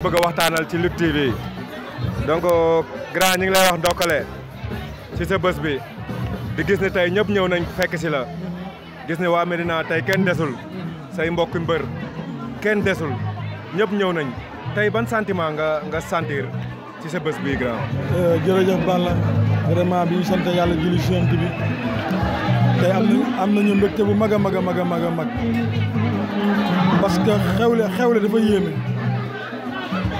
bëgg a ci Lutte TV donc grand ñu ngi lay wax ndokkale si sa bés bi di gis ni tey ñëpp ñëw nañ fekk si la gis ni waa Médina tey kenn desul say mbokki mbër kenn desul ñëpp ñëw nañ tey ban santiment nga nga sentir ci sa bés bi grand. Euh, jërëjëf Balla vraiment bi ñu sant yàlla julli si yonent bi tey am nañu am nañu bu mag a mag a mag a mag parce que xewle xewle dafa yéeme.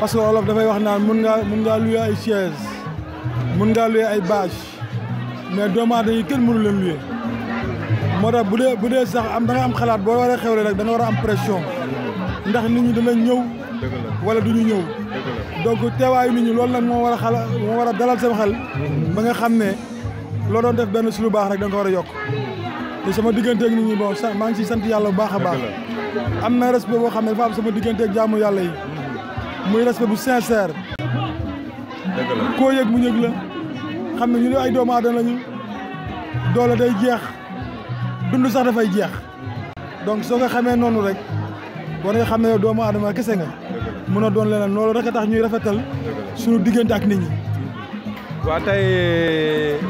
parce que olof dafay wax naan mun ngaa mun ngaa luye ay chaise mun ngaa luye ay bâche mais doomu aadama yi kenn mënu leen luye moo tax bu dee bu dee sax am da am xalaat boo war a xewle rek da war a am pression ndax ni ñu danañ ñëw wala du ñu ñëw donc teewaayu ni ñu loolu nag moo war a xala moo war a dalal sama xel ba nga xam ne loo doon def benn su lu baax rek da ko war a yokk te sama digganteeg nit ñi bon maa ngi ciy sant yàlla bu baax a baax am na respect boo xam ne dafa am sama digganteeg jaamu yàlla yi muy respect bu sincère. dëgg la koo yëg mu yëg la xam ne ñu ne ay doomu aadama lañu doole day jeex dund sax dafay jeex donc soo ko xamee noonu rek boo nga xam ne doomu aadama kese nga mën a doon leneen loolu rek a tax ñuy rafetal suñu diggante ak nit ñi. waa tey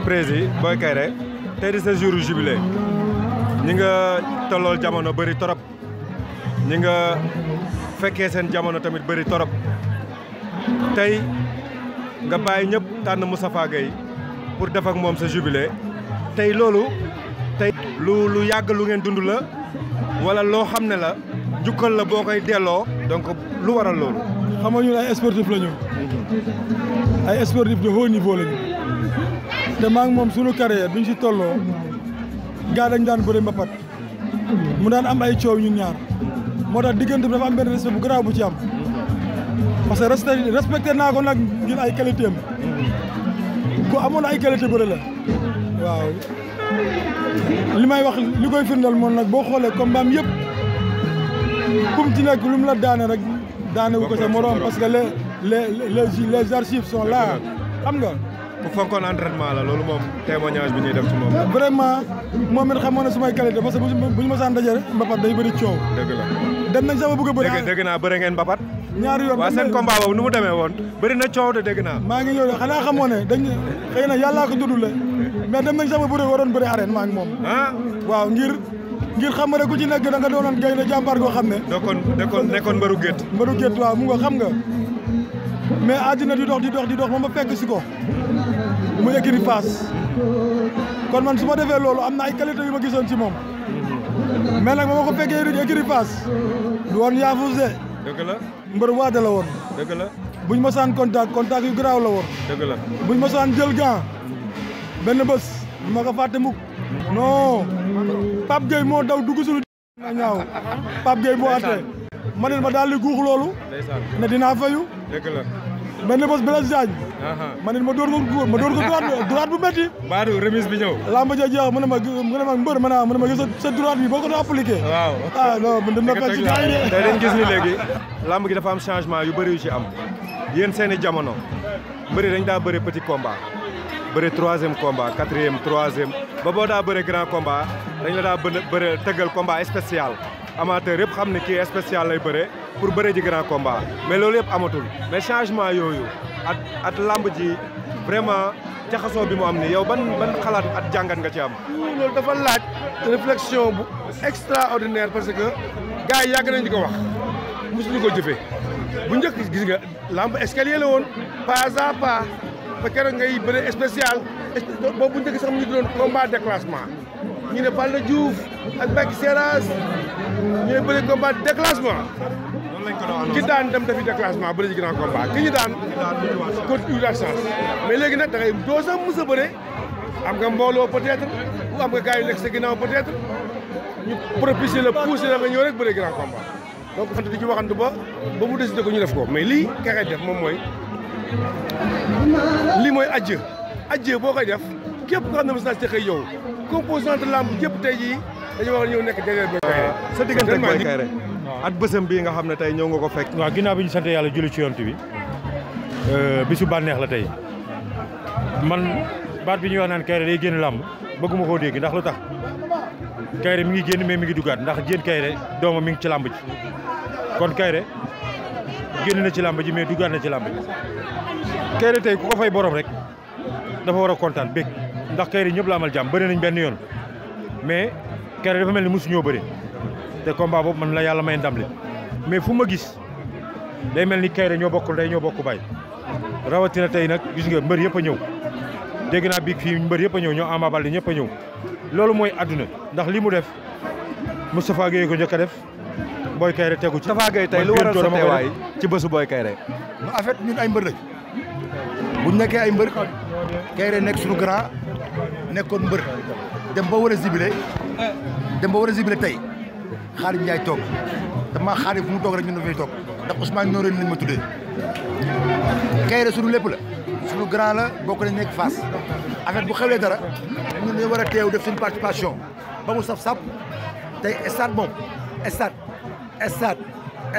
prési Boy Kairé tey di sa jour jubilé ñi nga tollool jamono bëri torop ñi nga. fekkee seen jamono tamit bëri torop tey nga bàyyi ñëpp tànn Moustapha Gueye pour def ak moom sa tey loolu tey lu lu yàgg lu ngeen dund la wala loo xam ne la njukkal la boo koy delloo donc lu waral loolu xam nga ay sportif la ñu mhm. ay sportif de haut niveau la te maa moom sunu carrière bi ñu si tolloo gaa dañ daan bëri mbapat mu daan am ay coow ñun ñaar moo tax diggante bi dafa am benn respect bu garaaw bu ci am parce que respecté respecté naa ko nag ngir ay qualité am amoon ay qualité bëre la waaw li may wax li koy firndal moom nag boo xoolee combat am yëpp kum ci nekk lu mu la daane rek daane wu ko sa morom parce que le les les les archives sont là xam nga. ku fonkoon entraînement la loolu moom témoignage bi ñuy def ci moom. vraiment moom it xamoon na sumay qualité parce que bu ñu bu ñu mosaan daje day bëri dem nañ sama bëgg a bëri. dégg naa bëri ngeen mbapat. ñaari yoon waaw seen combat boobu nu mu demee woon bëri na coow de dégg naa. maa ngi ñëw de xanaa xamoo ne dañ xëy na yàllaa ko judd la mais dem nañ sama bëri waroon bëri arène maa ngi moom. Ah? waaw ngir ngir xam nga rek ku ci nekk da nga doonoon gaynde jàmbaar goo xam ne. nekkoon nekkoon nekkoon mbaru gétt. mbaru gétt waaw mu nga xam nga mais àddina di dox di dox di dox moom ba fekk si ko mu yëkkati paas kon man su ma defee loolu am na ay qualité ma gisoon ci moom mais nag ba ma ko fekkee ruj écurie Fass du woon yaafus de. dëgg la mbër woon. buñ ma saan contact contact yu garaaw la woon. dëgg la buñ ma saan jël gant benn bés du ma ko fàtte mukk. non Pape Gueye moo daw dugg suñu. ma ñaaw Pape Gueye boo àttee. ma ne ma daal di guux loolu. ne dinaa fayu. dëgg mel ni bos Blaise ma man ma door ko góor ma door ko droite droite bu baa Badou remise bi ñëw. lamba ja jeex mu ne ma mu ne ma mbër ma naa ah, mu ne ma gis sa droite bi boo ko doon appliqué. waaw ah non man dina fekk ci gars yi léegi lamb gi dafa am changement yu bëri yu ci am yéen seen i jamono mbëri dañ daa bëri petit combat bëri troisième combat quatrième troisième ba boo daa bëri grand combat dañ la daa bëri tëggal combat spécial. amateur yëpp xam ne kii spécial lay bëre pour bëre ji grand combat mais loolu yëpp amatul mais changement yooyu at at làmb ji vraiment jaxasoo bi mu am ni yow ban ban xalaat at jàngat nga ci am. loolu dafa laaj réflexion bu extraordinaire parce que gars yi yàgg nañ di ko wax mosuñu ko jëfee bu njëkk gis nga làmb escalier la woon pas à pas ba keroog ngay bëre spécial boobu bu njëkk sax mu ngi doon combat déclassement ñu ne Balla Diouf ak Mbacke Seras ñooy bëri combat déclassement. ki daan dem dafi déclassement bëri ci grand combat ki ñu daan. continué la chance. mais léegi nag da ngay doo sax mës a bëre am nga mbooloo peut-être am nga gars yu nekk sa ginnaaw peut-être ñu propulsé la poussé la nga ñëw rek bëri grand combat. donc xam di ci waxantu ba ba mu décidé ko ñu def ko mais lii kaxee def moom mooy lii mooy ajjë ajjë boo koy def képp ko xam ne mos naa ci xëy yow composante lamb yëpp tey jii. dañu wax nekk derrière Boy Kayre sa diggante ak Kayre at bësam bii nga xam ne tey ñëw nga ko fekk waaw ginnaaw bi ñu sant yàlla julli ci yonent bi euh, bisu bànneex la tey man baat bi ñuy wax naan Kayre day génn làmb bëgguma koo dégg ndax lu tax Kayre mi ngi génn mais mi ngi duggaat ndax jéen Kayre doomam mi ngi ci làmb ji kon Kayre génn na ci làmb ji mais dugaat na ci làmb Kayre tey ku ko fay borom rek dafa war a kontaan bég ndax Kayre ñëpp la amal jàmm bari nañ benn yoon keroog dafa mel ni mosu ñoo te combat boobu man na yàlla may ndam li mais fu ma gis day mel ni kayre ñoo bokkul day ñoo bokk bay rawatina tey nag gis nga mbër yëpp a ñëw dégg naa biig fii mbër yëpp a ñoo Ama Baldé ñëpp ñëw loolu mooy adduna ndax li mu def Moustapha Gueye ko njëkk a def Boy Kayre tegu ci Moustapha Gueye tey lu waral sa ci bésu booy Kayre en fait ñun ay mbër lañ bu nekkee ay mbër Kayre nekk suñu grand nekkoon mbër dem ba a zibilé dem ba war a sibile tey Xaadim Njaay toog dama Xaadim fu mu toog rek ñun dafay toog ndax Ousmane Nooré lañ ma tuddee Kairé suñu lépp la suñu grand bokk nañ nekk Fass affaire bu xewlee dara ñun dañu war a teew def suñu participation ba mu saf sap tey stade moom stade stade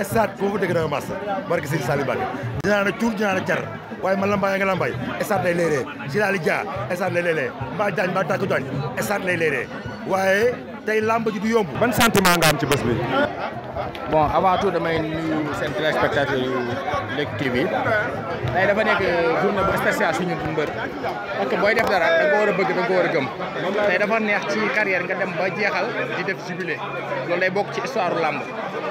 stade foofu dëgg da nga mas barke Sëriñ Saliou Mbacké dinaa na cuur dinaa na car waaye ma lambaay nga lambaay stade lay léeree Jilali Dia stade lay léeree mbaa waaye tey làmb ji du yomb. ban sentiment nga am ci bés bi. bon avant tout damay nuyu seen téléspectateur yu Leuk TV tey dafa nekk journée bu spéciale suñu mbër parce booy def dara da a bëgg da nga ko war a gëm tey dafa neex ci carrière nga dem ba jeexal di def jubilé loolu day bokk ci histoire làmb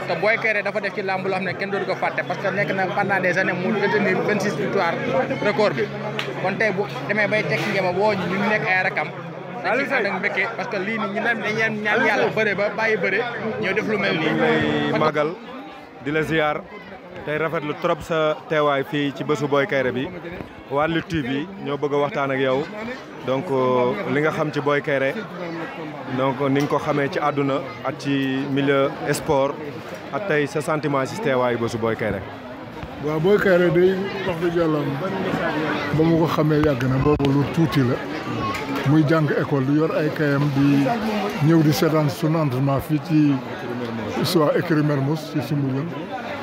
te Boy Kaïré dafa def ci làmb loo xam ne kenn dootu ko fàtte parce que nekk na pendant des années mu retenir 26 victoire record bi kon tey bu demee bay tekki ngeen ma woo ñu nekk ay dañ ci ànd ak lii nii ñu rafetlu trop sa teewaay fii ci bésu Boy Kaïré bi waa bi ñoo bëgg a waxtaan ak yow donc euh, li nga xam ci Boy Kaïré donc ni nga ko xamee ci àdduna ak ci milieu sport ak tey sa sentiment ci teewaay bésu Boy Kaïré. waaw Boy wax dëgg yàlla ba mu ko xamee yàgg na boobu lu tuuti la. muy jàng école di yor ay kayam di ñëw di seetaan sunu entraînement fii ci soit écurie Mermoz ci Soumbédioune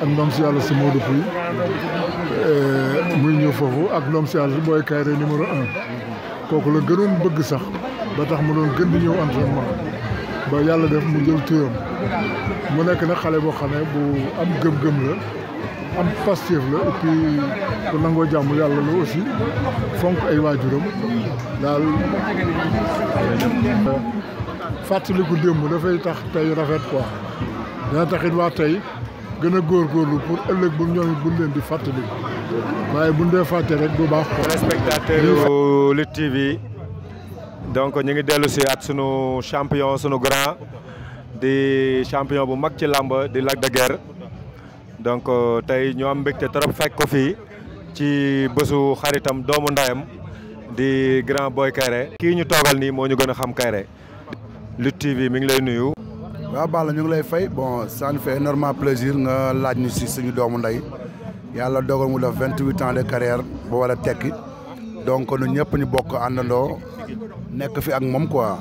ak ndoom si yàlla si Modou Pouy eh, muy ñëw foofu ak ndoom si yàlla si Boy Kayré numéro un kooku la gënoon bëgg sax ba tax mu doon gën di ñëw entraînement ba yàlla def mu jël turam mu nekk na xale boo xam ne bu am gëm-gëm la am pastéef la et puis ku nangoo jàmm yàlla la aussi fonk ay waajuram daal ku démb dafay tax tey rafet quoi dana taxit waa tey gën a góorgóorlu pour ëllëg bu ñoom it leen di fàttali waaye buñ dee fàtte rek bu baax quoi. spectateur Lutte TV donc ñu ngi dellu si at sunu champion sunu grand di champion bu mag ci làmb di Lac de Guiers donc euh, tey ñoo am mbégte trop fekk ko fii ci bésu xaritam doomu ndayam di grand booy Kairé kii ñu toogal nii moo ñu gën a xam Kairé Lutte TV mi ngi lay nuyu waaw Balla ñu ngi lay fay bon ça nous fait énormément nga laaj ñu si suñu doomu ndey yàlla dogal mu def vingt huit ans de carrière ba war a tekki donc nu ñëpp ñu bokk àndandoo nekk fi ak moom quoi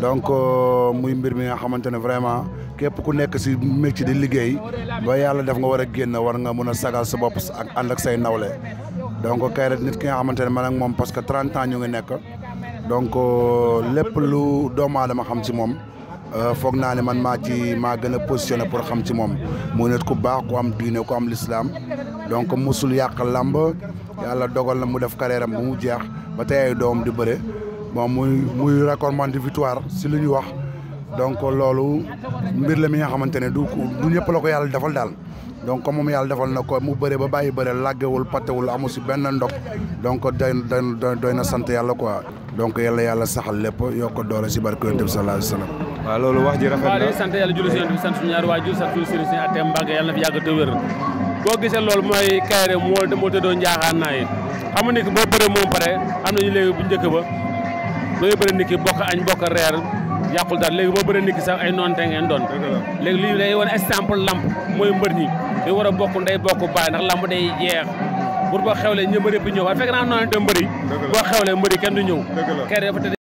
donc euh, muy mbir mi nga xamante ne vraiment képp ku nekk si métier di liggéey ba yàlla def nga war a génn war nga mun a sagal sa bopp ak ànd ak say nawle donc kay rek nit ki nga xamante ne man ak moom parce que 30 ans ñu ngi nekk donc euh, lépp lu doomu aadama xam ci moom euh, foog naa ne man maa ci maa gën a positionné pour xam ci moom muy nit ku baax ku am diine ku am lislaam donc musul yàq làmb yàlla dogal na mu def carrière bu mu jeex ba te ay doom di bëre bon muy muy recordman victoire si lu ñuy wax donc loolu mbir la mi nga xamante ne du du la ko yàlla defal daal donc comme moom yàlla defal na ko mu bëre ba bàyyi bëre làggewul pattewul amu si benn ndog donc doy doy doy na sant yàlla quoi donc yàlla yàlla saxal lépp yokk doole si barke yonent bi sallallahu alayhi wa loolu wax ji rafet na sant yàlla julli si yonent bi sant suñu ñaari waajur sant suñu sëriñ si atte mbàgg yàlla na fi yàgg te wér boo gisee loolu mooy kayre moo dooy bëri nit ki bokk añ bokk reer yàqul daal léegi boo bëree nit ki sax ay noonte ngeen doon léegi lii day wane exemple lamb mooy mbër ñi day war a bokk nday bokk baay ndax lamb day jeex pour boo xewlee ñëpp ñëw waaye fekk naa noonante mbëri boo xewlee mbëri kenn du ñëw